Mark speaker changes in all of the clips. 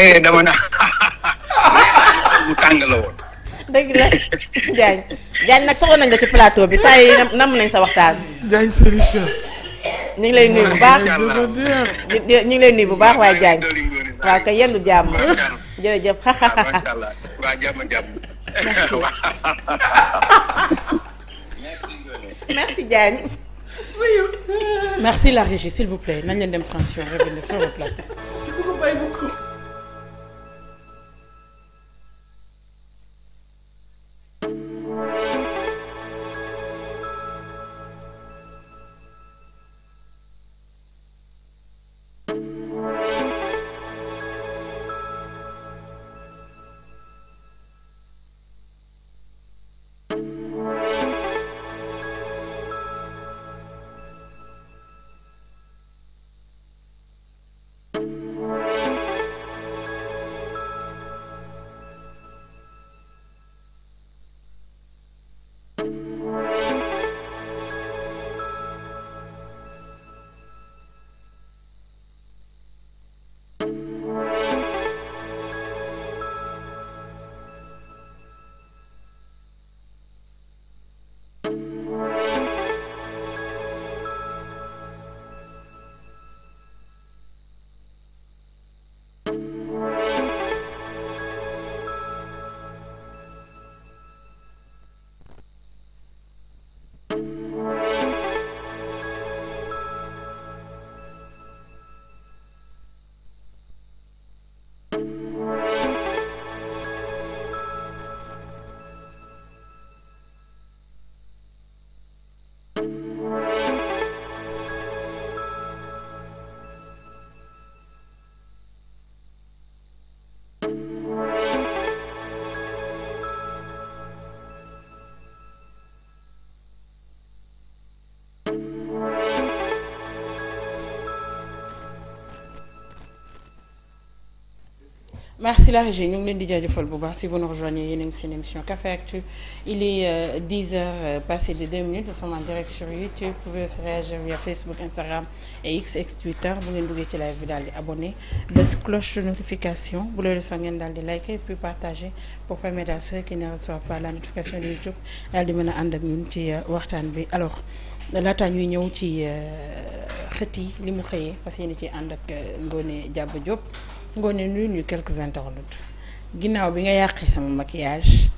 Speaker 1: xëyee dama na mu tàng la woon.
Speaker 2: dëgg la Diagne Diagne nag soxla nañ la ci plateau bi tay yi nam nañ sa waxtaan. Diagne solution. ñu ngi lay nuyu bu baax ñu ngi lay nuyu bu baax waaye Diagne waaw kay yendu jàmm jërëjëf xaxaxa merci Diagne
Speaker 3: merci la régie s'il vous plaît thank you merci la régie ñu ngi leen di jaajëfal bu baax si vous nous rejoignez yéen a ngi seen émission Café Actu il est 10 euh, heures euh, de 2 minutes nous sommes en direct sur YouTube vous pouvez aussi réagir via Facebook Instagram et X ex Twitter bu ngeen duggee ci live bi daal di abonné bés cloche de notification bu loolu soo ngeen daal di liker et puis partager pour permettre à ceux qui ne reçoivent la notification de YouTube daal di mën a ànd ak ñun ci euh, waxtaan bi alors laataa ñuy ñëw ci xët li mu xëyee fas yéene ci ànd ak Ngoné Diaba Diop. ngoone nuyu ñu quelques internautes ginnaaw bi nga yàqee sama maquillage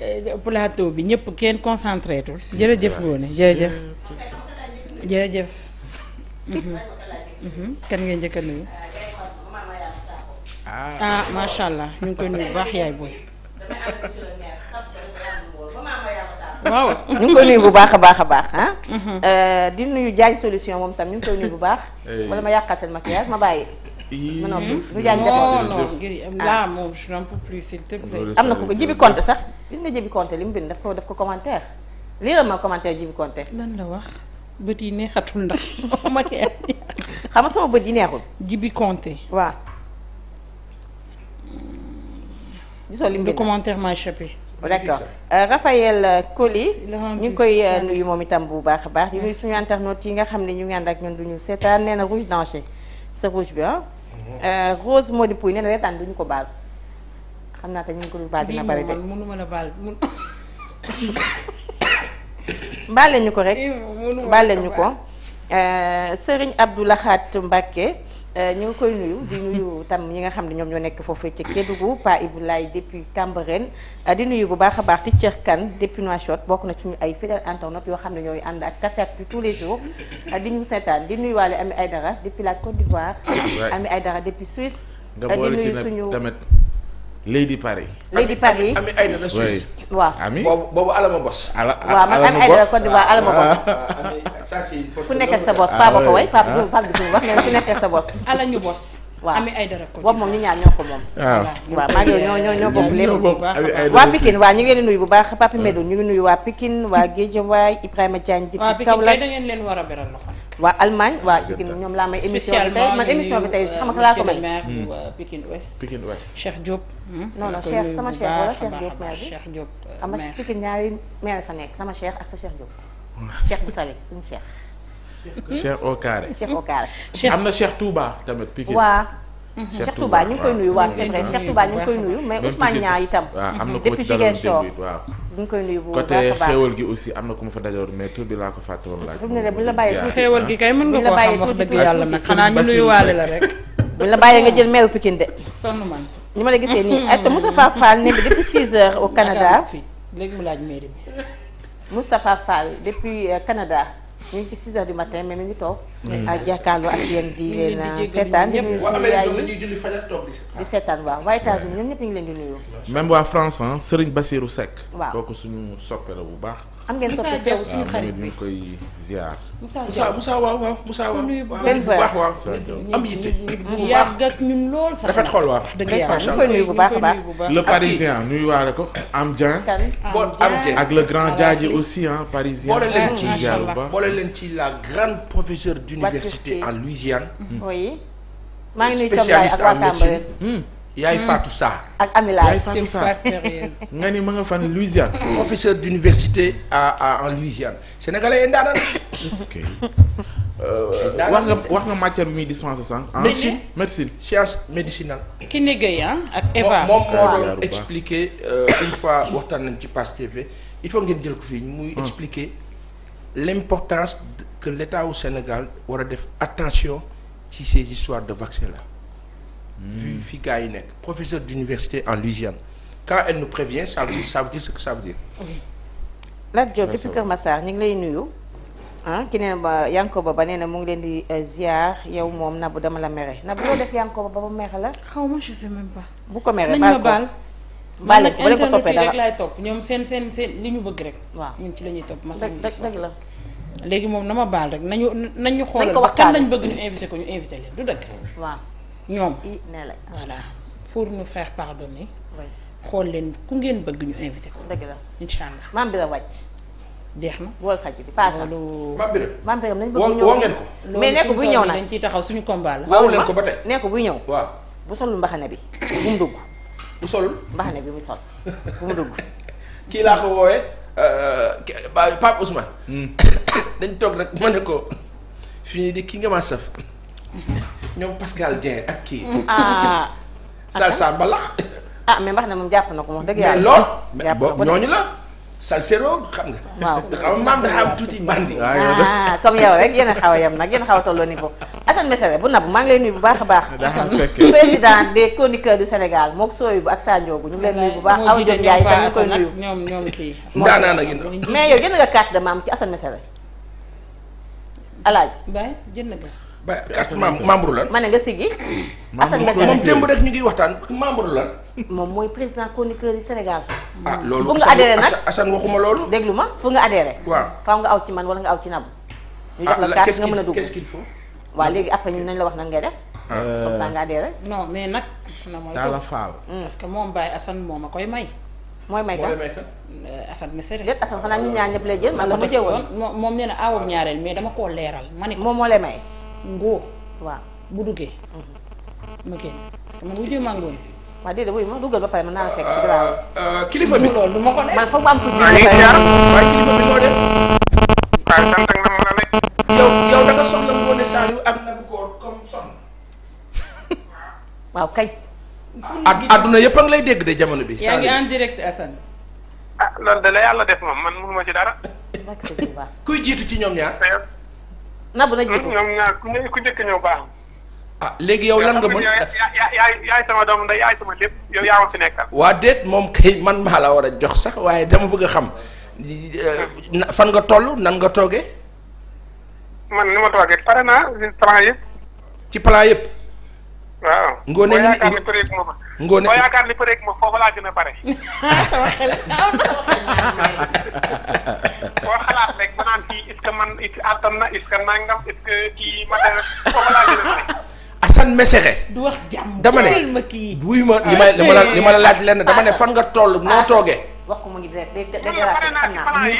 Speaker 3: eh, plateau bi ñëpp kenn concentré tul jërëjëf ngoone jërëjëf jërëjëf mhm. Mhm. kan ngeen njëkk a nuyu ah,
Speaker 2: ah macha allah ñu ngi koy nuyu bu baax yaay ñu ngi koy nuyu bu baax a baax a baax ah. Mhm. Eh, di nuyu jaay solution moom tam ñu ngi koy nuyu bu baax. Eh. wala ma yàqal seen maquillage ma bàyyi.
Speaker 3: mën naa lu jaay
Speaker 2: non là moom je n'en peux plus am na ko ko Jibi Konte sax gis nga Jibi Konte li mu bind daf ko daf ko commentaire lii la commentaire Jibi Konte. lan la wax bët yi neexatul ndax ma xam nga sama bët yi neexul. Jibi Konte waaw.
Speaker 3: gisoo li mu bind le commentaire
Speaker 2: m'a échappé. Oh, d'accord euh, Raphaël euh, Coly ñu ngi koy euh, nuyu moom itam bu baax a baax. di nuyu suñu internautes yi nga xam ne ñu ngi ànd ak ñun duñu seetaan nee na rouge danger sa rouge bi ah. Euh, Rose Mody Pouy nee na reetaan duñu ko baal xam naa te ñu ngi ko dul baal dina bari de lii
Speaker 3: moom mënuma la baal mun.
Speaker 2: baal ñu ko rek. baal ñu ko Serigne Abdou laxaat mbakke Euh, ñu ngi koy nuyu di nuyu tam ñi nga xam ne ñoom ñoo nekk foofu ca Kédougou Pa Iboulaye depuis Cambérène euh, di nuyu bu baax a baax Teacher Kane depuis Nouakchott bokk na ci ñu ay fidèles internautes yoo xam ne ñooy ànd ak café bi tous les jours euh, di ñu seetaan di nuyu waale Ami Aydara depuis la Côte d'Ivoire Ami Aydara depuis Suisse di nuyu suñu
Speaker 4: tamit Lady Paris. Lady
Speaker 2: Paris Ami Aïda la Suisse. waaw
Speaker 4: ami boobu
Speaker 1: boobu Alama Bos. ala Alama Bos waaw man Alama ah. Bos. Ah, ah, ku nekk sa bos
Speaker 2: Paa ko way Paa Paa Bidou wax ne ku nekk ak sa bos. ala ñu bos. waaw Ami Aïda rek ko boobu moom ñu ñaar ñoo ko moom. waaw maa ngi ñoo ñoo ñoo bokk lépp. waa Pikine waa ñu ngi leen nuyu bu baax Papa Medoune ñu ngi nuyu waa Pikine waa Guédiawaye Ibrahima Diagne. di Kaolack waaw Pikine tey
Speaker 3: da leen war a beral loxo.
Speaker 2: waa Allemagne waa Pikine ñoom laa may émission bi tey man émission bi tey euh, xam nga laa ko may hmm. euh, Pikine
Speaker 3: Ouest Pikine Ouest Cheikh Diop hmm?
Speaker 2: non sama Cheikh wala Cheikh Diop maire bi euh, am na Pikine ñaari ak sa Cheikh Diop Cheikh bu sale suñu
Speaker 4: tamit Pikine waa
Speaker 2: mhm. Cheikh Touba ñu koy nuyu waa c'est vrai Cheikh Touba ñu koy nuyu mais Ousmane Niang itam waaw am na ko ci daloon ñu koy nuyu bu baax a baax
Speaker 4: gi aussi am na ku ma fa dajaloon mais tur bi laa ko fàtte woon laaj. bu la bàyyee tuuti xéewal
Speaker 2: ñu la bàyyee nga jël meeru Pikine de. sonn man ni ma la gisee nii ak Moustapha Fall nekk depuis 6 heures au Canada léegi mu laaj mairie bi. Moustapha Fall depuis euh, Canada ñu ngi ci 6 heures du matin mais mi ngi toog. jàkkaarloo ak yéen di leen ah, seetaan di nuyu di seetaan waaw waa États-Unis ñoom ñëpp ñu ngi leen di nuyu.
Speaker 4: même waa France ah Serigne Bassirou Seck. waaw kooku suñu soppe la bu baax. am ngeen soppeeku suñu xarit bi ñu koy ziar.
Speaker 2: Moussa Moussa waaw
Speaker 1: waaw Moussa waaw. benn baax
Speaker 4: waaw am
Speaker 1: yitte. bu baax yàgg ñun lool sax. rafet xol waaw. dëgg yàlla ñu nuyu bu baax a le parisien
Speaker 4: nuyu waale ko. am Dieng.
Speaker 1: am ak le grand Diadji aussi ah parisien. boole la grande professeure
Speaker 2: d'université
Speaker 1: en Louisiane.
Speaker 2: Mm-hmm. oui maa ngi nuyu spécialiste en médecine. Mm. yaay mm. Fatou Sarr. ak Amila yaay
Speaker 1: nga ni ma nga fan Louisiane. professeur d'université à à en Louisiane sénégalais yi ndaanaan.
Speaker 4: Euh, wax nga wax nga matière bi muy dispenser sànq. médecine
Speaker 1: médecine science médicinale.
Speaker 3: ki liggéey ah, ak Eva. moom moo doon
Speaker 1: expliquer euh, une fois waxtaan nañ ci Passe TV il faut ngeen jël ko fii muy expliquer l'importance que l'État au Sénégal war def attention ci ces histoires de vaccin la vu hmm. fi gars yi nekk professeur d'université en Louisiane quand elle nous prévient sa veut dire ça veut dire ce que sa veut dire.
Speaker 2: Lat Diop depuis Kër Massar ñu ngi lay nuyu. ah ki ne ba Yankoba ba nee na mu ngi leen di eh, ziar yow moom Nabou dama la mere Nabou loo def Yankoba ba ba mere la. xaw ma je sais même pas. bu ko meree baal ko baal. baale ko internet yi rek laay
Speaker 3: ñoom seen seen seen li ñu bëgg rek. waaw ñun ci la ñuy topp. dëgg dëgg la. léegi moom na ma baal rek nañu nañu xoolal ba kan bëgg ñu invité ko ñu invité leen du dëgg waaw ñoom voilà pour nous faire ni xool leen ku ngeen bëgg ñu invité ko dëgg la incha allah
Speaker 2: maam bi la wàcc deex na wol xaj bi paasa loolu maam bi la maam bi lañ bëgg ñëw woo mais nekk buy ñëw nag dañ ciy taxaw suñu combat la waaw ko ba tey nekk buy ñëw waaw bu solul mbaxane bi bu mu dugg bu solul mbaxane bi mu sol bu mu dugg
Speaker 1: kii laa ko woowee euh, Pape Ousmane hmm. dañ toog rek ma ne ko fii de kii nga ma saf ñoom Pascal Dieng ak kii. ah.
Speaker 2: Salsa Mbalax. Ah, ah mais mbax na moom jàpp na ko wax dëgg yàlla.
Speaker 1: jàpp na ko lool ñooñu la. salsero xam
Speaker 2: ah, ah, comme yow rek yéen a xaw a yem nag yéen xaw a tolloo niveau. Assane Mesere bu nabu maa ngi lay nuyu bu baax a baax. président des chroniqueurs du Sénégal moog sooy bu ak Sa Ndiogou ñu ngi nuyu bu baax. aw Ndiaye tamit koy nuyu.
Speaker 3: ñoom ñoom kii.
Speaker 1: ndaanaan ak yéen mais yow
Speaker 2: jënd nga carte de membre ci Assane Mesere. alaaj jën jënd nga. Baye
Speaker 1: carte membre lan.
Speaker 2: ma ne nga sigi. Assane Mbese moom démb rek ñu ngi waxtaan membre lan. moom mooy président chroniqueur yi Sénégal. ah mm. loolu pour nga adhéré nag Assane waxuma loolu. déglu ma pour nga adhéré. waaw faaw nga aw ci man wala nga aw ci nabu. ñu jox ah, la carte nga mën a dugg quest léegi après ñun nañ la wax nan ngay def.
Speaker 3: Ah. comme nga
Speaker 2: adhéré. non mais nag. na
Speaker 3: a Talla Fall. Mm. parce que moom Baye assan moo ma koy may. mooy Mayka mooy Mayka. Euh, Assane Mesere. déet xanaa ñu ñaar ñëpp lay jël. man la ma jëwoon moom nee na aawam ñaareel mais dama koo leeral. ma ne moom moo
Speaker 2: lay may. ngóo. waaw bu duggee. Mhm. ma génn parce que man bu jëlee ma duggal ba pare mën naa la fekk si garaaw. Euh, euh, kilifa ma ko ne. man waaye kilifa bi noo def. waaw sant ak na mën a nekk. yow
Speaker 1: yow koor comme sonn. waaw kay. ak àdduna yëpp a ngi lay dégg de jamono bi. yaa ngi en direct Assane. ah loolu de la yàlla def moom man mënu ma ci dara. kuy jiitu ci ñoom ñaar. nabu na jiitu ñoom ñaar ku ñëw ku njëkk ñëw baax. ah léegi yow lan nga mën yaay yaay sama doom nday yaay sama lépp yow yaa fi nekkal. waa déet moom kay man maa la war a jox sax waaye dama bëgg a xam ah. euh, fan nga toll nan nga tooge man ni ma toogee pare naa ci plan ci plan yëpp. waaw ngoone boo yaakaar ni pareeg ma ngoone boo yaakaar ni pareeg laa gën a pare. boo xalaat rek ma naan kii est-ce que man it attan na kii ma foofu
Speaker 2: du wax jàmm
Speaker 1: dama ne wuy ma li ma la li ma la laaj lenn dama ne fan nga toll moo ah. toogee.
Speaker 2: wax ko mu ngi dee day day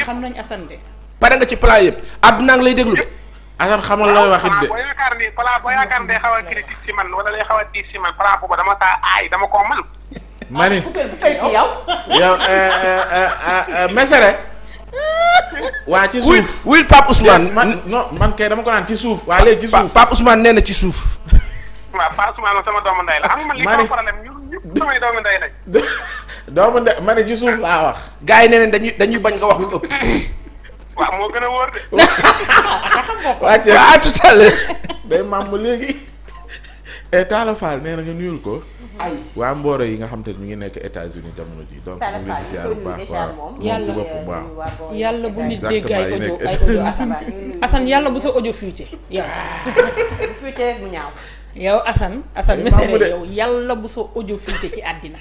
Speaker 3: xam naa de.
Speaker 1: pare nga ci plan yëpp ab lay déglu de. Assane xamul looy wax it de. boo boo yaakaar ni day xaw a critique ci man wala day xaw a diis ci man balaa booba dama taa aay dama koo man
Speaker 4: ma ni
Speaker 2: yow.
Speaker 1: Eh,
Speaker 4: eh, eh, waa ci suuf wuy Pape Ousmane. man non man kay dama ko naan ci suuf.
Speaker 1: waa léegi ci suuf Pape Ousmane nee na ci suuf.
Speaker 4: waaw Pape Ousmane sama doomu ndey la. am man
Speaker 1: ma ne ci suuf laa wax. gars yi nee dañuy dañuy bañ nga wax lu ëpp. waaw moo gën a wóor de.
Speaker 4: wàcc ah tout à l'heure day màmm léegi. Eh, Talla Fall nga nuyul ko. waa Mboro yi nga xam te ni ngi nekk États-Unis jamono ji donc ñu ngi gis yaaru baax waaw yàlla yàlla bu nit
Speaker 3: yàlla bu sa audio fuité yow. bu fuité mu ñaaw. yow Assane yàlla bu sa ci àddina.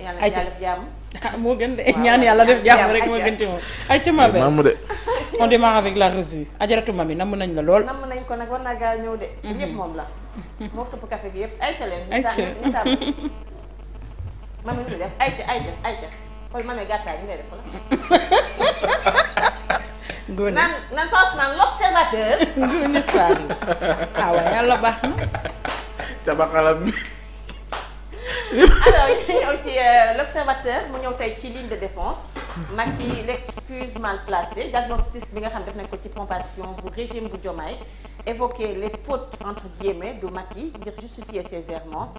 Speaker 3: ay yàlla jàmm ah, moo gën de ñaan yàlla def jàmm rek moo gën ci ay ca ma on démarre avec la revue ajaratu mami namm nañ la lool.
Speaker 2: namm nañ ko nag war naa gaa ñëw de. ñëpp mhm. moom la. moo topp café gi yëpp ayca leen. ayca ñu ñu def ayca ayca ayca xool ma ne gàttaay ñu lay def ko la. góor naan naan Fatou naan l'observateur. góor Sarr ah yàlla baax na.
Speaker 4: tabaxalam bi.
Speaker 2: alors ñu ñëw ci euh, l'observateur mu ñëw tey ci ligne de défense. Macky l'excuse mal placée diagnostic bi nga xam def nañ ko ci compassion bu régime bu Diomaye évoquer les fautes entre guillemets de Macky ngir justifier ses errements